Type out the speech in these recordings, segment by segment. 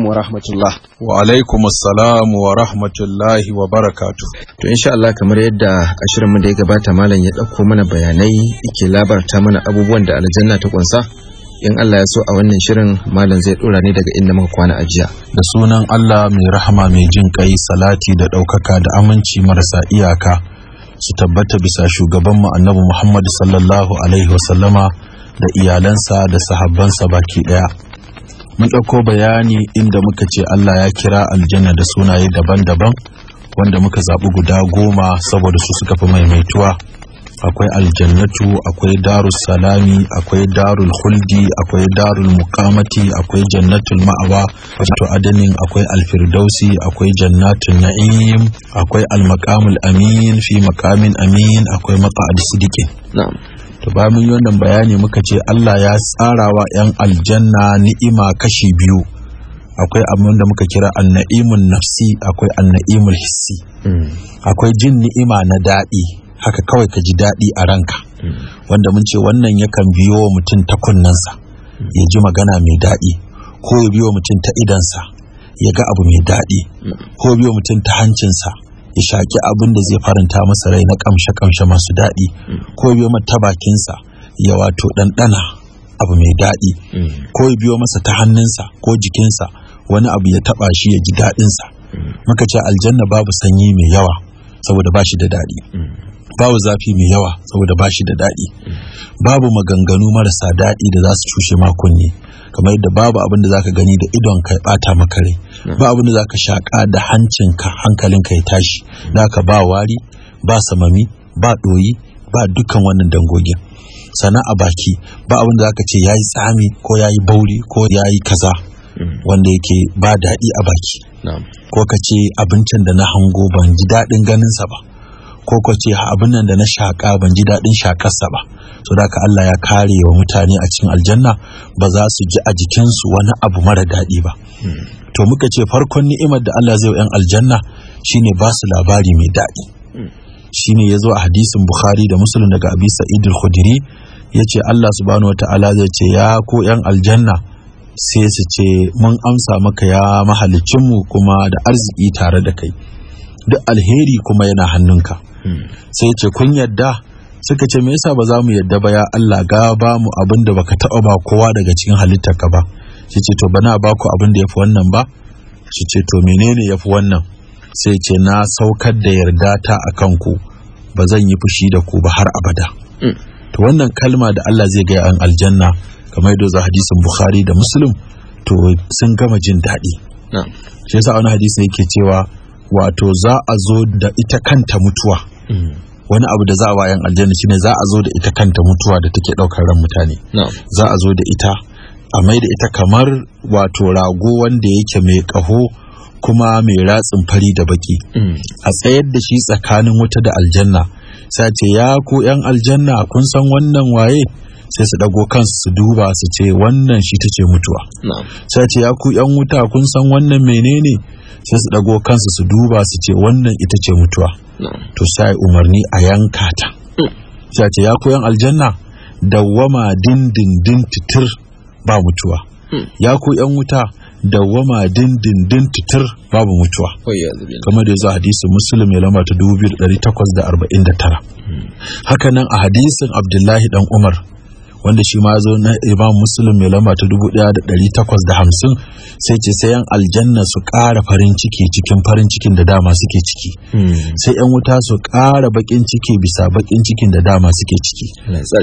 alaikum wa rahmatullah. Wa alaikum assalam wa rahmatullahi wa barakatu. To insha Allah kamar yadda shirin mu da ya gabata malam ya ɗauko mana bayanai yake labarta mana abubuwan da aljanna ta kunsa. In Allah ya so a wannan shirin malam zai dora ne daga inda muka kwana a jiya. Da sunan Allah mai rahama mai jin kai salati da ɗaukaka da aminci marasa iyaka su tabbata bisa shugabanmu annabi Muhammad sallallahu alaihi wa da iyalansa da sahabbansa baki ɗaya. mun ɗauko bayani inda muka ce Allah ya kira aljanna da sunaye daban-daban wanda muka zaɓi guda goma saboda su suka fi maimaituwa akwai aljannatu akwai darus salami akwai darul huldi akwai darul muqamati akwai jannatul ma'awa wato adanin akwai alfirdausi akwai jannatul na'im akwai almaqamul amin fi maqamin amin akwai maq'ad sidiqin na'am to ba mun yi wannan bayani muka ce Allah ya tsara wa 'yan aljanna ni'ima kashi biyu akwai abin da muka kira anna'imun nafsi akwai anna'imun hissi akwai jin ni'ima na daɗi haka kawai ka ji daɗi a ranka wanda mun ce wannan yakan biyo mutum ta kunnensa ya ji magana mai daɗi ko ya biyo mutum ta idansa ya ga abu mai daɗi ko biyo mutum ta hancinsa ya shaki abin da zai faranta masa rai na kamshe-kamshe masu daɗi ko biyo mata bakinsa ya wato ɗanɗana abu mai daɗi ko ya biyo masa ta hannunsa ko jikinsa wani abu ya taɓa shi ya ji daɗinsa muka ce aljanna babu sanyi mai yawa saboda ba da daɗi babu zafi mai yawa saboda bashi da daɗi babu maganganu marasa daɗi da za su cushe makonni kamar yadda babu abin da zaka gani da idon kai bata maka rai ba abin da zaka shaka da hancinka hankalinka ya tashi naka mm. ba wari ba samami ba ɗoyi ba dukkan wannan dangogin sana a baki ba abin da zaka ce yayi tsami ko yayi bauri ko yayi kaza mm. wanda yake ba daɗi a baki ko ka ce abincin da na hango ban ji daɗin ganinsa ba ko ko ce abin nan da na shaka ban ji daɗin shaƙarsa ba so da ka Allah ya kare wa mutane a cikin aljanna ba za su ji a jikinsu wani abu mara daɗi ba hmm. to muka ce farkon ni'imar da Allah zai wa 'yan aljanna shine ba su labari mai daɗi hmm. shine ya zo a hadisin bukhari da muslim daga abi sa'id al-khudri ya ce Allah subhanahu wata'ala zai ce ya ko 'yan aljanna sai su ce mun amsa maka ya mu kuma da arziki tare da kai duk alheri kuma yana hannunka sai ce kun yadda suka ce me yasa ba za mu yadda ba ya Allah ga ba mu abin da baka taba ba kowa daga cikin ka ba shi ce to bana ba ku abin da yafi wannan ba shi ce to menene yafi wannan sai ce na saukar da yarda ta akan ku ba zan yi fushi da ku ba har abada mm. to wannan kalma da Allah zai gaya an aljanna kamar yadda za hadisin Bukhari da Muslim to sun gama jin daɗi shi yasa wani hadisi yake cewa wato za a zo da ita kanta mutuwa wani abu da za a bayan aljanna shine za a zo da ita kanta mutuwa da take daukar ran mutane za a zo da ita a mai da ita kamar wato rago wanda yake mai kaho kuma mai ratsin fari da baki mm. a tsayar da shi tsakanin wuta da aljanna sace ya ku yan aljanna kun san wannan waye sai su dago kansu su duba su ce wannan shi ta ce mutuwa sai ce ya ku yan wuta kun san wannan menene sai su dago kansu su duba su ce wannan ita ce mutuwa to sai umarni a yanka ta mm. sai ce ya ku yan aljanna dawwama dindindin titir ba mutuwa mm. ya ku yan wuta dawwama dindindin titir babu mutuwa kamar da yazo hadisin muslim ya lamba ta 2849 mm. haka nan a hadisin abdullahi dan umar wanda shi ma zo na imam muslim mai lamba ta da hamsin. sai ce sai yan aljanna su ƙara farin ciki cikin farin cikin da dama suke ciki hmm. sai yan wuta su ƙara baƙin ciki bisa bakin cikin da dama suke ciki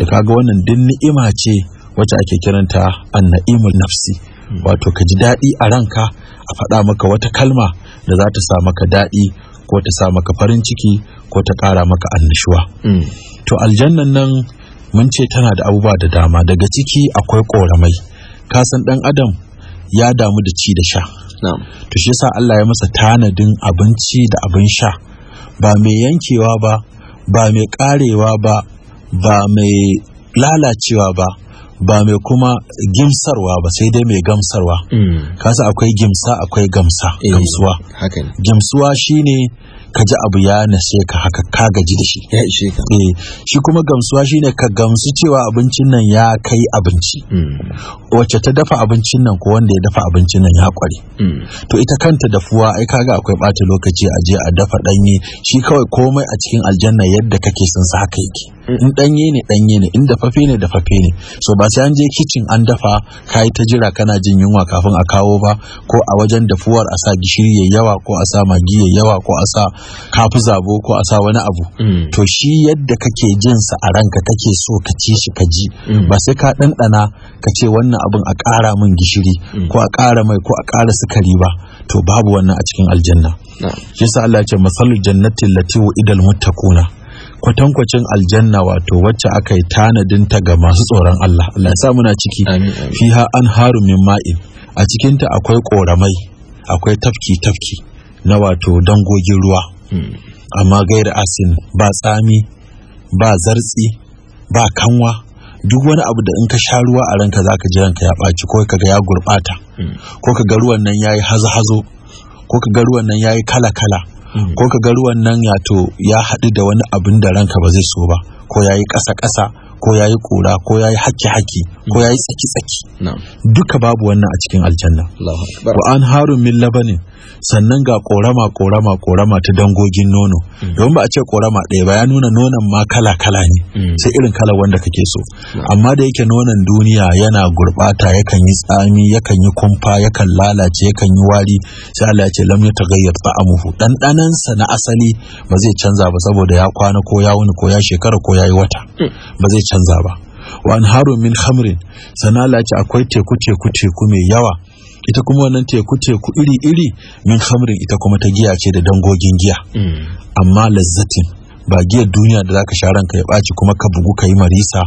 kaga wannan duk ni'ima ce wacce ake kiranta na'imul nafsi hmm. wato ka ji daɗi a ranka a faɗa maka wata kalma da za ta sa maka daɗi ko ta sa maka farin ciki ko ta ƙara maka annashuwa hmm. to aljannan nan mun ce tana da abubuwa da dama daga ciki akwai ƙoramai kasan ɗan adam ya damu da ci da sha to shi yasa Allah ya masa tanadin abinci da abin sha ba mai yankewa ba ba mai ƙarewa ba ba mai lalacewa ba ba mai kuma gimsarwa ba sai dai mai gamsarwa mm. kasa akwai gimsa akwai gamsa eh, gamsuwa gimsuwa shine ka ji abu ya nase ka haka ka gaji da shi ya ishe ka eh shi kuma gamsuwa shine ka gamsu cewa abincin nan ya kai abinci hmm. wacce ta dafa abincin nan ko wanda ya dafa abincin nan ya kware hmm. to ita kanta dafuwa ai kaga akwai bata lokaci a je a dafa danye shi kawai komai a cikin aljanna yadda kake son sa haka yake in danye ne danye ne in dafafe ne dafafe ne so ba sai an je kicin an dafa kai ta jira kana jin yunwa kafin a kawo ba ko a wajen dafuwar a sa gishiri ya yawa ko a sa magi ya yawa ko a sa kafi zabo ko a sa wani abu mm. to shi yadda kake jin sa a ranka kake so ka ci shi ka ji mm. ba sai ka ɗanɗana ka ce wannan abun a kara min gishiri mm. ko a ƙara mai ko a kara sukari ba to babu wannan a cikin aljanna shi sa Allah ya ce masalul jannati lati wa idal muttaquna kwatankwacin aljanna wato wacce aka yi tanadin ta ga masu tsoron Allah Allah ya sa muna ciki fiha an haru min ma'in a cikinta akwai koramai akwai tafki tafki na wato dangogin ruwa hmm. amma gaira asin ba tsami ba zartsi ba kanwa duk wani abu da in ka sha ruwa a ranka za ka ji ranka ya ɓaci ko kaga ya gurɓata hmm. ko ka ga ruwan nan ya yi hazo hazo ko ka ga ruwan nan ya yi kala kala ko ka ga ruwan nan ya to ya haɗu da wani abin da ranka ba zai so ba ko ya yi ƙasa-ƙasa ko ya yi kura ko ya yi haki-haki ko ya yi tsaki-tsaki duka babu wannan a cikin aljanna wa an harun min labanin sannan ga korama korama korama ta dangogin nono hmm. don ba a ce korama ɗaya ba ya nuna nonon ma kala kala ne hmm. sai irin kala wanda kake so amma da yake nonon duniya yana gurbata yakan yi tsami yakan yi kumfa yakan lalace yakan yi wari sai Allah ya ce lam yataghayyar ta'amuhu dandanan sa na asali ba zai canza ba saboda ya kwana ko ya wuni ko ya shekara ko ya yi wata hmm. ba zai canza ba wa harun min khamrin sana ce akwai teku teku teku mai yawa ita kuma wannan teku teku iri iri min khamrin ita kuma ta giya ce da dangogin giya hmm. amma lazzatin ba giyar duniya da zaka sha ranka ya baci kuma ka bugu ka yi marisa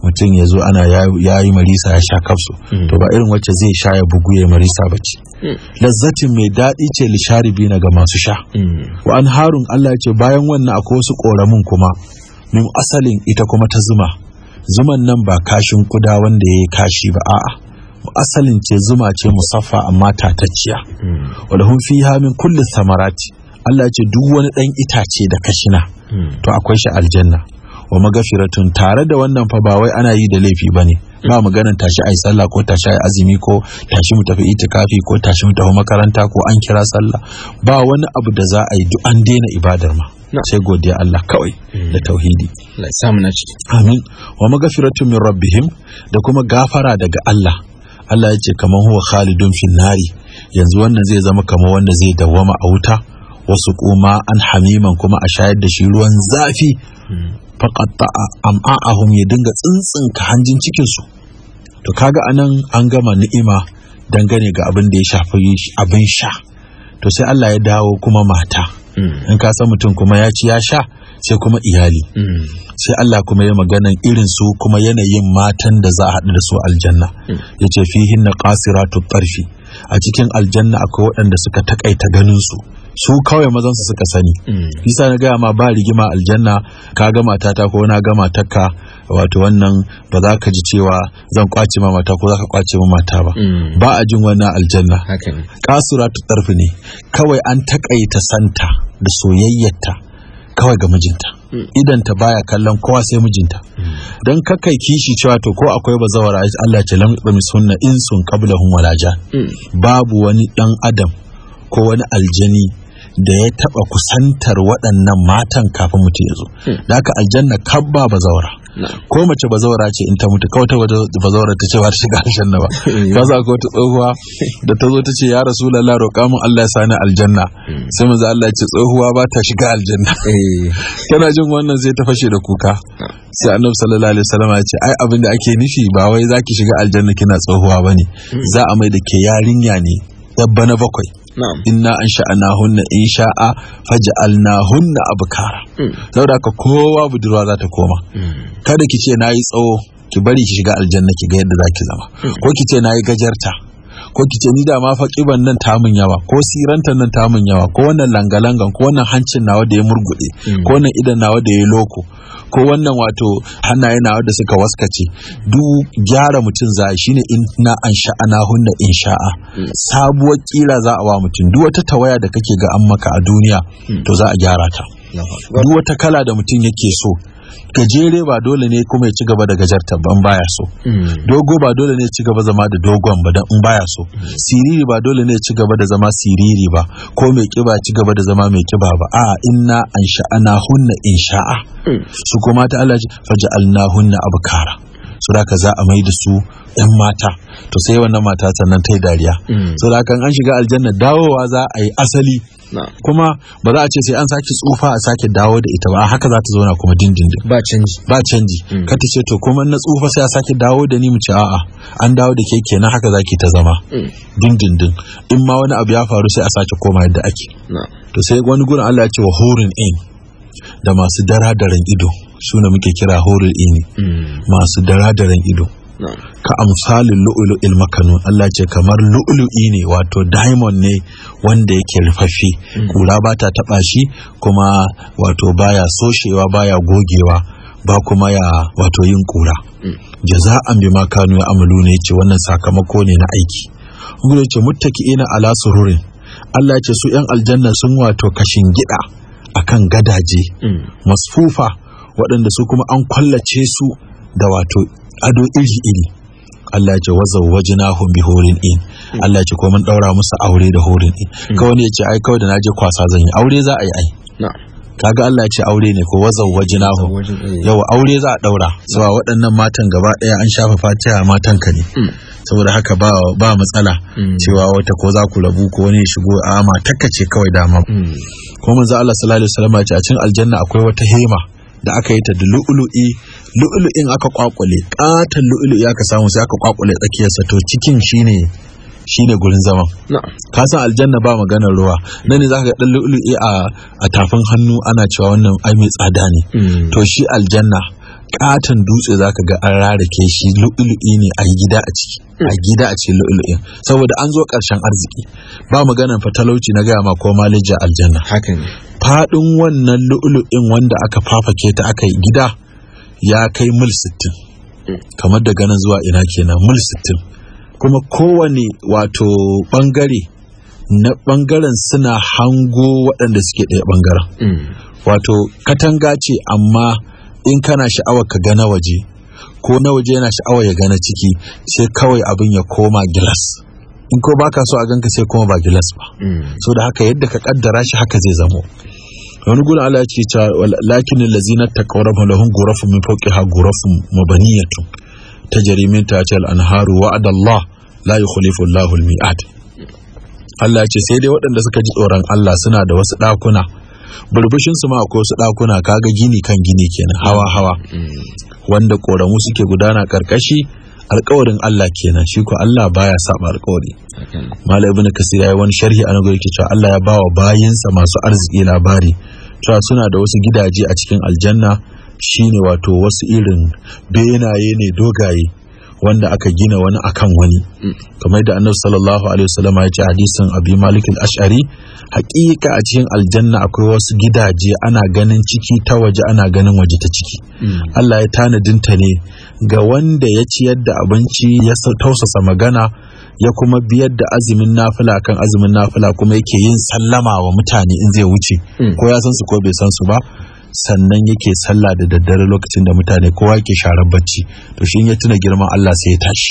mutum ya zo ana ya yi marisa ya sha kafsu hmm. to ba irin wacce zai sha ya bugu ya marisa ba ce hmm. lazzatin mai daɗi ce lisharibi na ga masu sha wa an harun Allah ce bayan wannan akwai wasu ƙoramin kuma min asalin ita kuma ta zuma zuman nan ba kashin kuda wanda ya yi kashi ba a'a asalin ce zuma ce musaffa amma tatacciya hmm. wadda hun fi min kullum samarati Allah ce duk wani ɗan itace da kashina hmm. to akwai shi aljanna wa magafiratun tare da wannan fa ba wai ana yi da laifi ba ne ba maganar tashi ai sallah ko tashi ai azumi ko tashi mu tafi itikafi ko tashi mu tafi makaranta ko an kira sallah ba wani abu da za a yi duk an daina ibadar ma sai godiya Allah kawai mm. da tauhidi amin wa magfiratu min rabbihim da kuma gafara daga Allah Allah yace ce kamar huwa khalidun fil nari yanzu wannan zai zama kamar wanda zai dawwama a wuta wasu kuma an hamiman kuma a shayar da shi ruwan zafi mm. faqatta am'a'ahum ya dinga tsintsinka hanjin cikin su to kaga anan an gama ni'ima dangane ga abin da ya shafi abin sha to sai Allah ya dawo kuma mata in ka san mutum kuma ya ci ya sha sai kuma iyali mm. sai Allah kuma ya magana irin su kuma yanayin matan da za a haɗu da su aljanna mm. ya ce fihin na ƙasiratu ƙarfi a cikin aljanna akwai waɗanda suka taƙaita ganin su su kawai mazan su suka sani nisa mm. na gaya ma ba rigima aljanna ka gama tata ko na gama takka wato wannan ba za ka ji cewa zan kwace ma mata ko za ka kwace ma mata ba mm. ba a jin wani aljanna kasura ta tsarfi ne kawai an takaita santa da soyayyarta kawai ga mijinta mm. idan ta baya kallon kowa sai mijinta don kakai kishi cewa to ko akwai ba zawar Allah ce lam sunna in sun kabla hun walaja babu wani dan adam ko wani aljani da ya taba kusantar waɗannan matan kafin mutu ya zo hmm. da haka aljanna kabba zaura. ko mace bazaura ce in ta mutu kawai ta bazaura ta ce ba ta shiga aljanna ba Ba za ko ta tsohuwa da ta zo ta ce ya rasulullah roƙa mun Allah ya sani aljanna hmm. sai za Allah ya ce tsohuwa ba ta shiga aljanna eh. tana jin wannan zai ta fashe da kuka sai annabi sallallahu alaihi wasallam ya ce ai abin da ake nufi ba wai zaki shiga aljanna kina tsohuwa bane hmm. za a mai da ke yarinya ne Dabba na bakwai inna an sha'ana hunna in sha'a alna hunna kara mm. saboda ka kowa budurwa za ta koma mm. kada ki ce na yi tsawo ki bari ki shiga aljanna ki ga yadda za ki zama mm. ko ki ce na yi gajarta ko ki ce ni da ma fa kiban nan ta mun yawa ko sirantan nan ta mun yawa ko wannan langalangan ko wannan hancin nawa da ya murgude mm. ko wannan idan nawa da ya loko ko wannan wato hannaye nawa da suka waskace duk gyara mutum za shine in na an sha'ana hunna in sha'a mm. sabuwar kira za a wa mutum duk wata tawaya da kake ga an maka a duniya mm. to za a gyara ta duk wata kala da mutum yake so gajere ba dole ne kuma ya ci gaba da gajarta ba in baya so hmm. dogo ba dole ne ci gaba zama da dogon ba in baya so hmm. siriri ba dole ne ci gaba da zama siriri ba ko mai kiba ci gaba da zama mai kiba ba a inna anshaana hunna insha'a hmm. su kuma ta Allah faja'alna hunna abkara su da za a mai da su yan mata to sai wannan mata sannan ta yi dariya mm. so da an shiga aljanna dawowa za a yi asali kuma ba za a ce sai an sake tsufa a sake dawo da ita ba haka za ta zauna kuma dindindin ba canji ba canji mm. ka ta ce to kuma na tsufa sai a sake dawo da ni mu ce a'a an dawo da keke na haka zaki ta zama mm. dindindin in ma wani abu ya faru sai a sake koma yadda ake to sai wani gurin Allah ya ce wa horin in da masu daradaren ido su ne muke kira horul ini hmm. masu daradaren ido ka amsalin lu'ulu ilmakanu Allah ce kamar lu'ulu'i ne wato diamond ne wanda yake rufaffe hmm. kura ba ta taba shi kuma wato baya soshewa baya gogewa ba kuma ya wato yin kura hmm. jaza'an bi makanu ya amalu ne ce wannan sakamako ne na aiki gudu ce muttaki ina ala sururin Allah ce su yan aljanna sun wato kashin gida akan gadaje mm. masfufa waɗanda su kuma an kwallace su da wato ado iri-iri Allah ya ce wazau waje na bi horin in mm. Allah ya ce kuma mun daura musu aure da horin in mm. kawai ne ce ai kawai da naje kwasa zan yi aure za a yi ai kaga Allah ya ce aure ne ko wazau na hu yau aure za a daura sawa waɗannan matan gaba ɗaya an shafa fatiha matan ka ne saboda haka ba ba matsala cewa wata ko za ku rabu ko wani shigo a matakka ce kawai dama kuma manzo Allah sallallahu alaihi wasallam a cikin aljanna akwai wata hema da aka yi ta da lu'ulu'i lu'ulu'in aka kwakwale katan lu'ulu'i aka samu sai aka kwakwale sa to cikin shine shine gurin zaman ka san aljanna ba maganar ruwa nan ne zaka ga dan lu'ulu'i a a tafin hannu ana cewa wannan ai mai tsada ne hmm. to shi aljanna katon dutse zaka ga an rarake shi lu'ulu'i ne a gida a ciki a gida a cikin lu'ulu'in saboda an zo karshen arziki ba maganan fatalauci na gaya ma ko malija aljanna haka ne fadin wannan lu'ulu'in wanda aka fafake ta aka yi gida ya kai mil 60 kamar daga nan zuwa ina kenan mil 60 kuma kowane wato bangare na bangaren suna hango waɗanda suke ɗaya bangaren mm. wato katanga ce amma in kana sha'awar ka ga na waje ko na waje yana sha'awar ya gana ciki sai kawai abin ya koma gilas in ko baka so a ganka sai kuma ba gilas ba mm. so da haka yadda ka kaddara shi haka zai zamo wani gudun Allah ya ce cewa lakin lazina taqawrabu lahum ghurafun min fawqiha ghurafun mabaniyatun tajri min tahtiha al-anharu wa'ada la yukhlifu Allahu al-mi'ad Allah ce sai dai waɗanda suka ji tsoron Allah suna da wasu ɗakuna burbushin su ma akwai wasu ɗakuna kaga gini kan gini kenan hawa hawa wanda ƙoramu suke gudana karkashi alkawarin Allah kenan shi ko Allah baya saba alkawari malam ibn kasir yayi wani sharhi an ga yake Allah ya bawa bayinsa masu arziki labari cewa suna da wasu gidaje a cikin aljanna shine wato wasu irin benaye ne dogaye wanda aka gina wani akan wani mm. kamar da annabi sallallahu alaihi wasallam ya ce hadisin abi malik al-ash'ari haƙiƙa a cikin aljanna akwai wasu gidaje ana ganin ciki ta waje ana ganin waje ta ciki mm. Allah ya tanadin ta ne ga wanda ya ciyar da abinci ya tausasa magana ya kuma biyar da azumin nafila kan azumin nafila kuma yake yin sallama wa mutane in zai wuce mm. ko ya san su ko bai san su ba sannan yake sallah da daddare lokacin da mutane kowa yake sharar bacci to shi ya tuna girman Allah sai ya tashi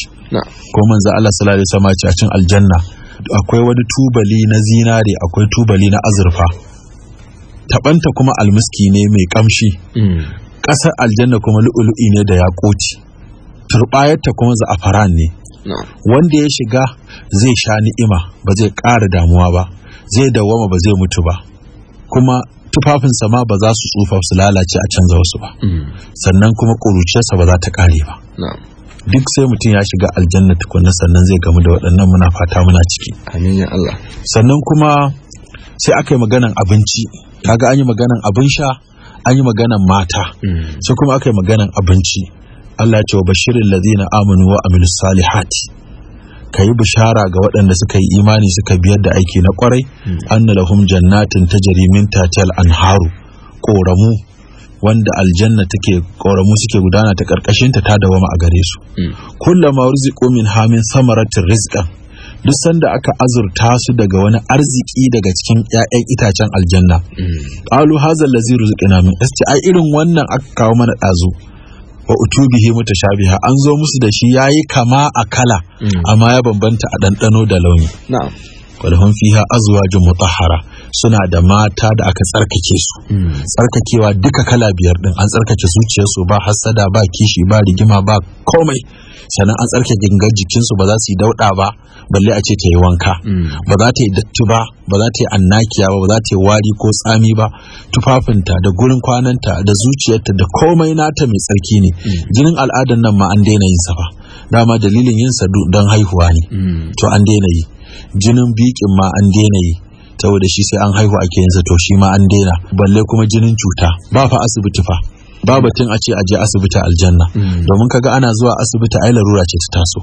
ko manzo Allah sallallahu alaihi wasallam a cikin aljanna akwai wani tubali na zinare akwai tubali na azurfa tabanta kuma almuski ne mai kamshi hmm. ƙasar aljanna kuma lu'ulu'i ne da yaƙoci turbayarta kuma za'afaran ne wanda ya shiga zai sha ni'ima ba zai ƙara damuwa ba zai dawama ba zai mutu ba kuma tufafinsa ma ba za su tsufa su lalace a canza wasu ba hmm. sannan kuma ƙuruciyarsa ba za ta ƙare ba duk sai mutum ya shiga aljanna tukunna sannan zai gamu da waɗannan muna fata muna ciki amin ya Allah sannan kuma sai aka yi maganan abinci kaga an yi maganan abin sha an yi maganan mata hmm. sai kuma aka yi maganan abinci Allah ya ce wa bashirin ladina amanu wa amilus salihati ka yi bishara ga waɗanda suka yi imani suka biyar da aiki na kwarai hmm. na lahum jannatin ta jarimin tahtiha anharu koramu wanda aljanna take koramu suke gudana ta ƙarƙashin ta wama a gare su hmm. kullama urziqu min hamin samaratin rizqan duk sanda aka azurta su daga wani arziki daga cikin 'ya'yan itacen aljanna Ƙalu hmm. hazal lazi ruziqina min ai irin wannan aka kawo mana ɗazu. wa utubihi mutashabiha an zo musu da shi yayi kama a kala mm. amma ya bambanta a ɗanɗano da launi qad fiha fiha azwajun mutahhara suna da mata da aka tsarkake su hmm. tsarkakewa duka kala biyar din an tsarkake zuciyarsu ba hassada ba kishi ba rigima ba komai sannan an tsarkake gangar jikinsu ba za su yi dauɗa ba balle a ce ta yi wanka hmm. ba za ta yi datti ba ba za ta yi annakiya ba ba za ta yi wari ko tsami ba tufafinta da gurin kwananta da zuciyarta da komai nata mai tsarki ne hmm. jinin al'adar nan ma an daina yin sa ba dama dalilin yin sa don haihuwa ne to an daina yi jinin bikin ma an daina yi saboda shi sai an haihu ake sa to shi ma an daina balle kuma jinin cuta ba fa asibiti fa ba batun a ce aje asibiti aljanna hmm. domin kaga ana zuwa asibiti ai larura ce ta taso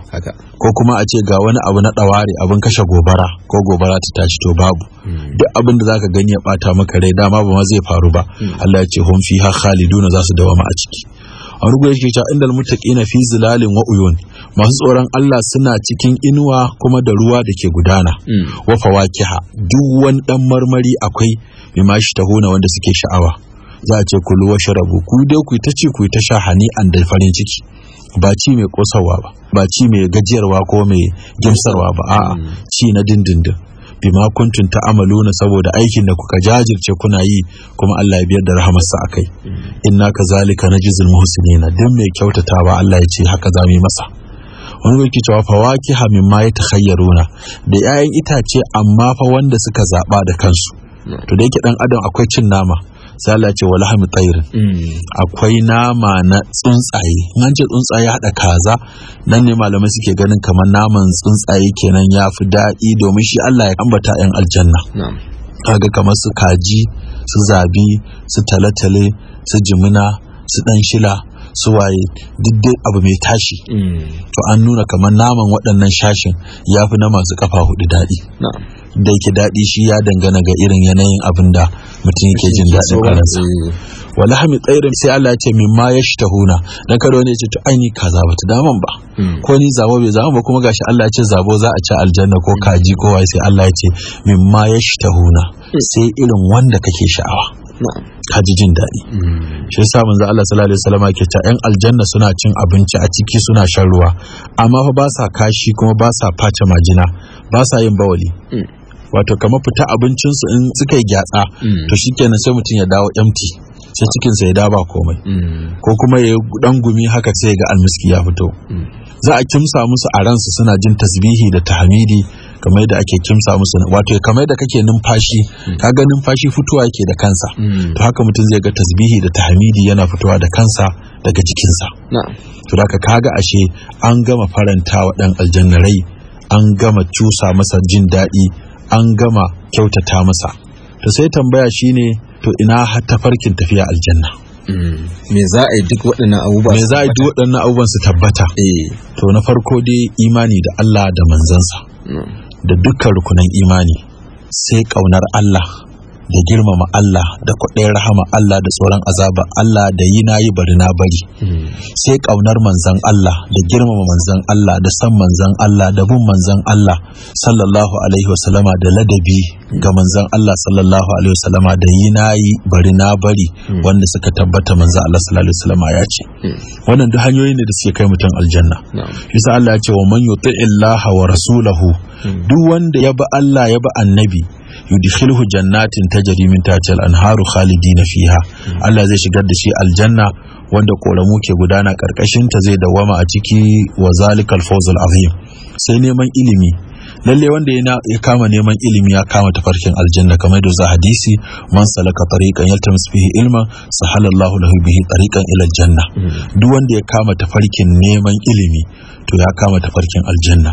ko kuma a ce ga wani abu na ɗaware abin kashe gobara ko gobara ta tashi to babu hmm. duk abin da zaka gani ya bata maka rai dama ba ma zai faru ba hmm. Allah ya ce hum fiha khaliduna za su dawama a ciki a rugu yake cewa indal muttaqina fi zilalin wa uyun masu tsoron Allah suna cikin inuwa kuma da ruwa da ke gudana hmm. wa fawakiha duk wani dan marmari akwai mimma shi tahuna wanda suke sha'awa za a ce ku wa sharabu ku dai ku ta ci ku ta sha hani an da farin ciki ba ci mai kosawa ba ba ci mai gajiyarwa ko mai gimsarwa ba a'a hmm. ci na dindindin bima ta na saboda aikin da kuka jajirce kuna yi kuma Allah ya biyar da rahamarsa akai inna kazalika najzil muhsinin duk mai kyautata ba Allah ya ce haka za mu yi masa wani yake cewa fawakiha mimma yatakhayyaruna da 'ya'yan itace amma fa wanda suka zaba da kansu to da yake dan adam akwai cin nama sala ce wa tsayirin mm. akwai nama na tsuntsaye nan ce tsuntsaye haɗa kaza nan ne malamai suke ganin kamar naman tsuntsaye kenan ya fi daɗi domin shi Allah ya ambata yan aljanna kaga kamar su kaji su zabi su talatale su jimina su dan shila su waye duk dai abu mai tashi mm. to an nuna kamar naman waɗannan shashin ya fi na masu kafa hudu daɗi da yake daɗi shi ya dangana ga irin yanayin abin da mutum yake jin daɗin karansa wala hami tsairin sai Allah ya ce min ma ya shi tahuna dan kada wani ya ce to ai ni kaza ta daman ba hmm. ko ni zabo bai zabo ba kuma gashi Allah ya ce zabo za a ci aljanna ko kaji ko wai sai Allah ya ce min ma ya shi tahuna hmm. sai irin wanda kake sha'awa kaji jin daɗi hmm. shi yasa manzo Allah sallallahu alaihi wasallam ke ta yan aljanna suna cin abinci a ciki suna shan ruwa amma fa ba sa kashi kuma ba sa face majina ba sa yin bawali wato kamar fita abincinsu in suka yi gyatsa mm. to shikenan sai mutum ya dawo empty sai cikinsa ya daba komai mm. ko kuma ya dan gumi haka sai ga almiski ya fito mm. za a kimsa musu a ransu suna jin tasbihi da tahmidi kamar yadda ake kimsa musu wato kamar yadda kake numfashi ga numfashi fitowa yake da kansa to haka mutum zai ga tasbihi da tahmidi yana fitowa da kansa daga jikinsa to haka ga ashe an gama faranta wa dan aljanna an gama cusa masa jin daɗi an gama kyautata masa to sai tambaya shine to ina tafarkin tafiya aljanna hmm, me za a yi duk waɗannan abubuwa me za a yi duk waɗannan abubuwan su tabbata eh. to na farko dai imani da Allah da manzansa hmm. da dukkan rukunan imani sai ƙaunar Allah da girmama Allah da kwaɗayin rahama Allah da tsoron azaba Allah da yi na yi bari na bari sai ƙaunar manzan Allah da girmama manzan Allah da san manzan Allah da bin manzan Allah sallallahu alaihi wasallama da ladabi ga manzan Allah sallallahu alaihi wasallama da yi na yi bari na bari wanda suka tabbata manzan Allah sallallahu alaihi wasallama ya ce wannan duk hanyoyi ne da suke kai mutum aljanna yasa Allah ya ce wa man yuti illaha wa rasulahu hmm. duk wanda ya bi Allah ya ba annabi yudkhiluhu jannatin tajri min tahtiha al-anharu khalidina fiha Allah zai shigar da shi aljanna wanda koramu ke gudana karkashin ta zai dawama a ciki wa zalikal fawzul azim sai neman ilimi lalle wanda ya kama neman ilimi ya kama tafarkin aljanna kamar da za hadisi man salaka tariqan yaltamis bihi ilma sahalallahu lahu bihi tariqan ila aljanna hmm. duk wanda ya kama tafarkin neman ilimi to ya kama tafarkin aljanna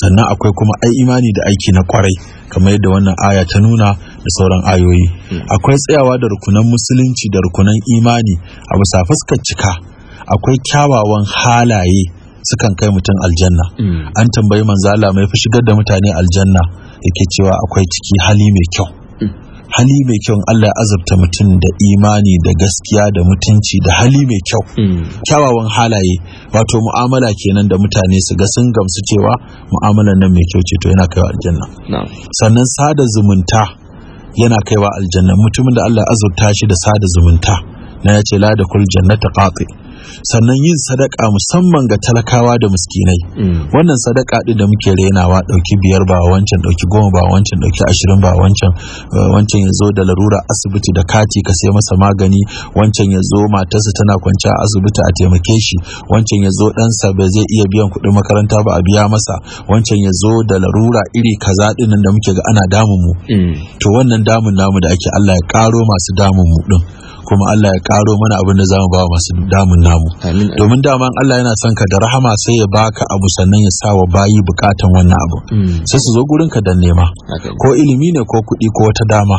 sannan akwai kuma ai imani da aiki na kwarai kamar yadda wannan aya ta nuna da sauran ayoyi hmm. akwai tsayawa da rukunan musulunci da rukunan imani a bisa fuskar cika akwai kyawawan halaye sukan kai mutum aljanna mm. an tambayi manzala mai fi shigar da mutane aljanna yake cewa akwai ciki hali mai kyau mm. hali mai kyau Allah ya azabta mutum da imani da gaskiya da mutunci da hali mai kyau mm. kyawawan halaye wato mu'amala kenan da mutane su ga sun gamsu cewa mu'amalar nan mai kyau ce to yana kaiwa aljanna sannan sada zumunta yana kaiwa aljanna mutumin da Allah ya azabta shi da sada zumunta na ya ce la da kul jannata qati sannan yin sadaka musamman ga talakawa da miskinai mm. wannan sadaka din da muke renawa dauki biyar ba wancan dauki goma ba wancan dauki ashirin ba wancan eh, wancan ya zo da larura asibiti da kati ka sai masa magani wancan ya zo matarsa tana kwanciya asibiti a taimake shi wancan ya zo ɗansa ba zai iya biyan kuɗin makaranta ba a biya masa wancan ya zo da larura iri kaza ɗinnan da muke ga ana damun mu mm. to wannan damun namu da ake Allah ya karo masu damun mu ɗin kuma Allah ya karo mana abin da zamu ba masu damun namu domin daman Allah yana son ka da rahama sai ya baka abu sannan ya wa bayi bukatan wannan abu hmm. sai su zo gurin ka dan nema ko ilimi ne ko kuɗi ko wata dama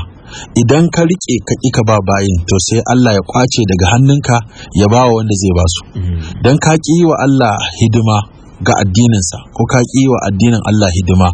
idan ka rike ka ka ba bayin to sai Allah ya kwace daga hannunka ya ba wanda zai ba su hmm. dan ka ki wa Allah hidima ga addininsa ko ka ƙi wa addinin Allah hidima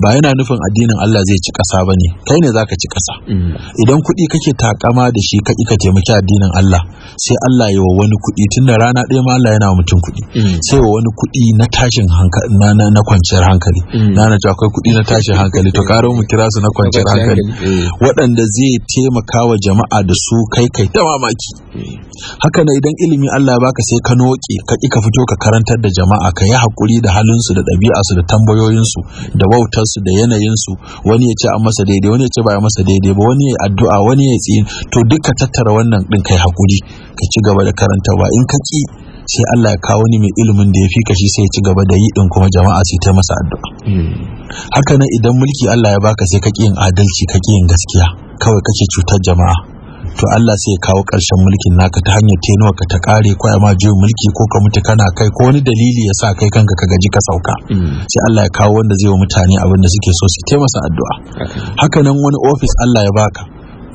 ba yana nufin addinin Allah zai ci ƙasa ba ne kai ne za ka ci ƙasa mm. idan kuɗi kake takama da shi ka ka taimaki addinin Allah sai Allah ya wa wani kuɗi tun da rana ɗaya ma Allah yana wa mutum kuɗi mm. sai wa wani kuɗi na tashin hankali na kwanciyar hankali mm. na na akwai kuɗi na tashin hankali to karo mu kira su na kwanciyar hankali eh. waɗanda zai taimaka wa jama'a da su kai kai ta mamaki haka ne idan ilimi Allah ya baka sai ka noke ka ƙi ka fito ka karantar da jama'a ka yi hakuri da halinsu da su da tambayoyin su da wautarsu da yanayinsu wani ya ce an masa daidai wani ya ce ba a masa daidai ba wani ya addu'a wani ya tsini to duka tattara wannan ɗin kai hakuri ka ci gaba da karanta ba. in ka ki sai Allah ya kawo ni mai ilimin da ya fi kashi sai ya ci gaba da yi din kuma jama'a sai ta masa addu'a haka nan idan mulki Allah ya baka sai ka ki yin adalci ka ki yin gaskiya kawai kake cutar jama'a to Allah sai ya kawo ƙarshen mulkin naka ta hanyar tenuwa ka ta kare ko ma juyin mulki ko ka mutu kana kai ko wani dalili ya sa kai kanka ka gaji ka sauka hmm. sai Allah ya kawo wanda zai wa mutane abin da suke so su taimasa addu'a haka nan wani ofis Allah ya baka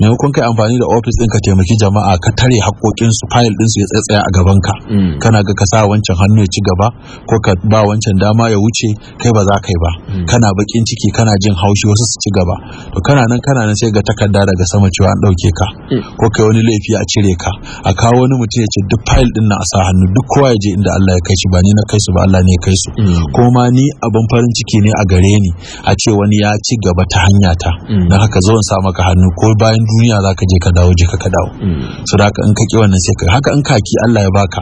maimakon kai amfani da ofis ɗin ka taimaki jama'a ka tare haƙoƙin su fayil ɗin su ya tsatsaya a gaban ka mm. kana ga ka sa wancan hannu ya ci gaba ko ka ba wancan dama ya wuce kai ba za ka yi ba mm. kana bakin ciki kana jin haushi wasu su ci gaba to kana nan kana nan sai ga takarda daga sama cewa an ɗauke ka mm. ko kai wani laifi a cire ka a kawo wani mutum ya ce duk fayil ɗin na a sa hannu duk kowa ya je inda Allah ya kai shi ba ni na kai su ba Allah ne ya kai su Ko ma ni abin farin ciki ne a gare ni a ce wani ya ci gaba ta hanyata na haka zo in sa maka hannu ko bayan duniya za ka je ka dawo je ka dawo mm. so da haka in ka ki wannan sai ka haka in kaki Allah ya baka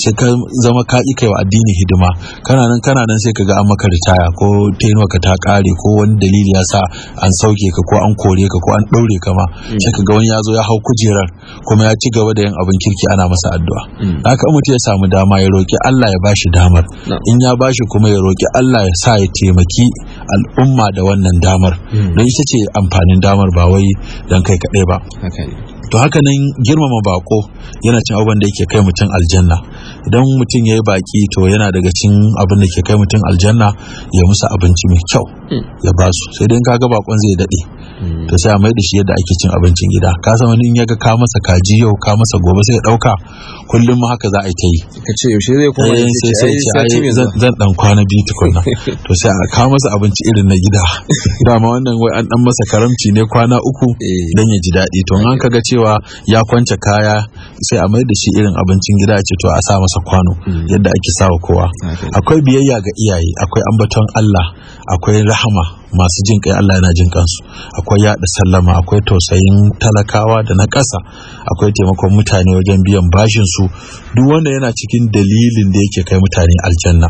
sai ka zama ka ƙi kai wa addini hidima kana nan kana nan sai ka ga an maka ritaya ko tenuwa ka ta ƙare ko wani dalili ya sa an sauke ka ko an kore ka ko an ɗaure ka ma mm. sai ka ga wani ya zo ya hau kujerar kuma ya ci gaba da yin abin kirki ana masa addu'a mm. haka mutum ya samu dama ya roƙi Allah ya bashi damar in ya bashi kuma ya roƙi Allah ya sa ya taimaki al'umma da wannan damar mm. don ita ce amfanin damar ba wai don kai kaɗai ba to haka nan girmama bako yana cin abubuwan da yake kai mutum aljanna idan mutum ya yi baki to yana daga cin abin da ke kai mutum aljanna ya musu abinci mai kyau hmm. ya ba su sai dai kaga bakon zai daɗe hmm. to sai a mai da shi yadda ake cin abincin gida ka san wani in ya ga ka masa kaji yau ka masa gobe sai ya ɗauka kullum ma haka za a yi ta yi ka ce yaushe zai kuma yi eh, sai sai ce zan dan kwana biyu tukunna to sai a ka masa abinci irin na gida dama wannan wai an dan masa karamci ne kwana uku eh. dan ya ji daɗi to an kaga cewa ya kwance kaya sai a mai da shi irin abincin gida ce to a sa masa kwano mm. yadda ake sawa kowa akwai biyayya ga iyaye akwai ambaton Allah akwai rahama masu jin kai Allah yana jin kansu akwai yaɗa sallama akwai tausayin talakawa da na ƙasa akwai taimakon mutane wajen biyan bashin su duk wanda yana cikin dalilin da yake kai mutane aljanna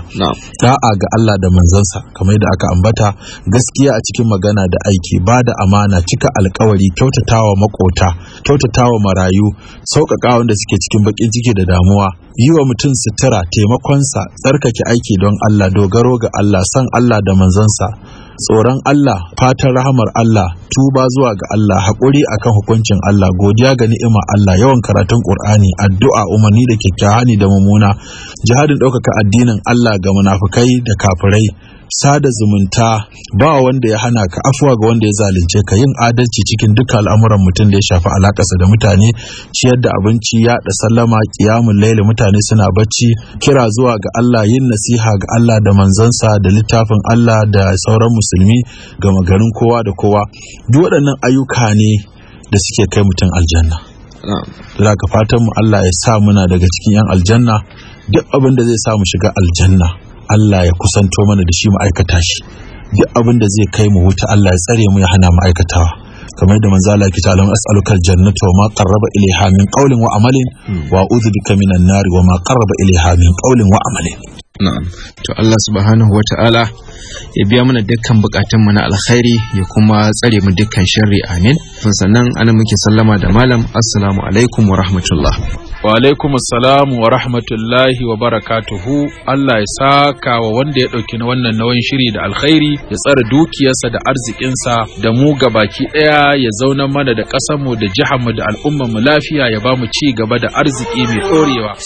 da'a ga Allah da manzansa kamar da aka ambata gaskiya a cikin magana da aiki ba da amana cika alkawari kyautatawa makota kyautatawa marayu sauƙaƙa wanda suke cikin baƙin ciki da damuwa yi wa mutum sutura taimakonsa tsarkake aiki don Allah dogaro ga Allah san Allah da manzansa kansa tsoron Allah fatan rahamar Allah tuba zuwa ga Allah haƙuri akan hukuncin Allah godiya ga ni'ima Allah yawan karatun Qur'ani addu'a umarni da kyakkyawa da mummuna jihadin ɗaukaka addinin Allah ga munafukai da kafirai sada zumunta ba wanda ya hana ka afuwa ga wanda ya zalunce ka yin adalci cikin duka al'amuran mutum da ya shafi alakarsa da mutane ciyar da abinci ya yaɗa sallama kiyamun laili mutane suna bacci kira zuwa ga Allah yin nasiha ga Allah da manzansa da littafin Allah da sauran musulmi ga magarin kowa da kowa duk waɗannan ayyuka ne da suke kai mutum aljanna da ka fatan mu Allah ya sa muna daga cikin 'yan aljanna duk abin da zai sa mu shiga aljanna Allah ya kusanto mana da shi ma'aikata shi duk abin da zai kai mu wuta Allah ya tsare mu ya hana mu aikatawa kamar da manzo Allah ke ta alam as'alukal jannata wa ma qarraba ilayha min qawlin wa amalin hmm. wa a'udhu bika minan nari wa ma qarraba ilayha min qawlin wa amalin na'am to Allah subhanahu wa ta'ala ya biya mana dukkan bukatun mu na alkhairi ya kuma tsare mu dukkan sharri amin sannan ana muke sallama da malam assalamu alaikum wa rahmatullah wa alaikumussalam wa rahmatullahi wa barakatuhu Allah ya saka wa wanda ya ɗauki wannan nawan shiri da alkhairi ya tsara dukiyarsa da arzikinsa da mu gabaki ɗaya ya zauna mana da ƙasarmu da mu da al'ummarmu lafiya ya ba mu ci gaba da arziki mai ɗorewa.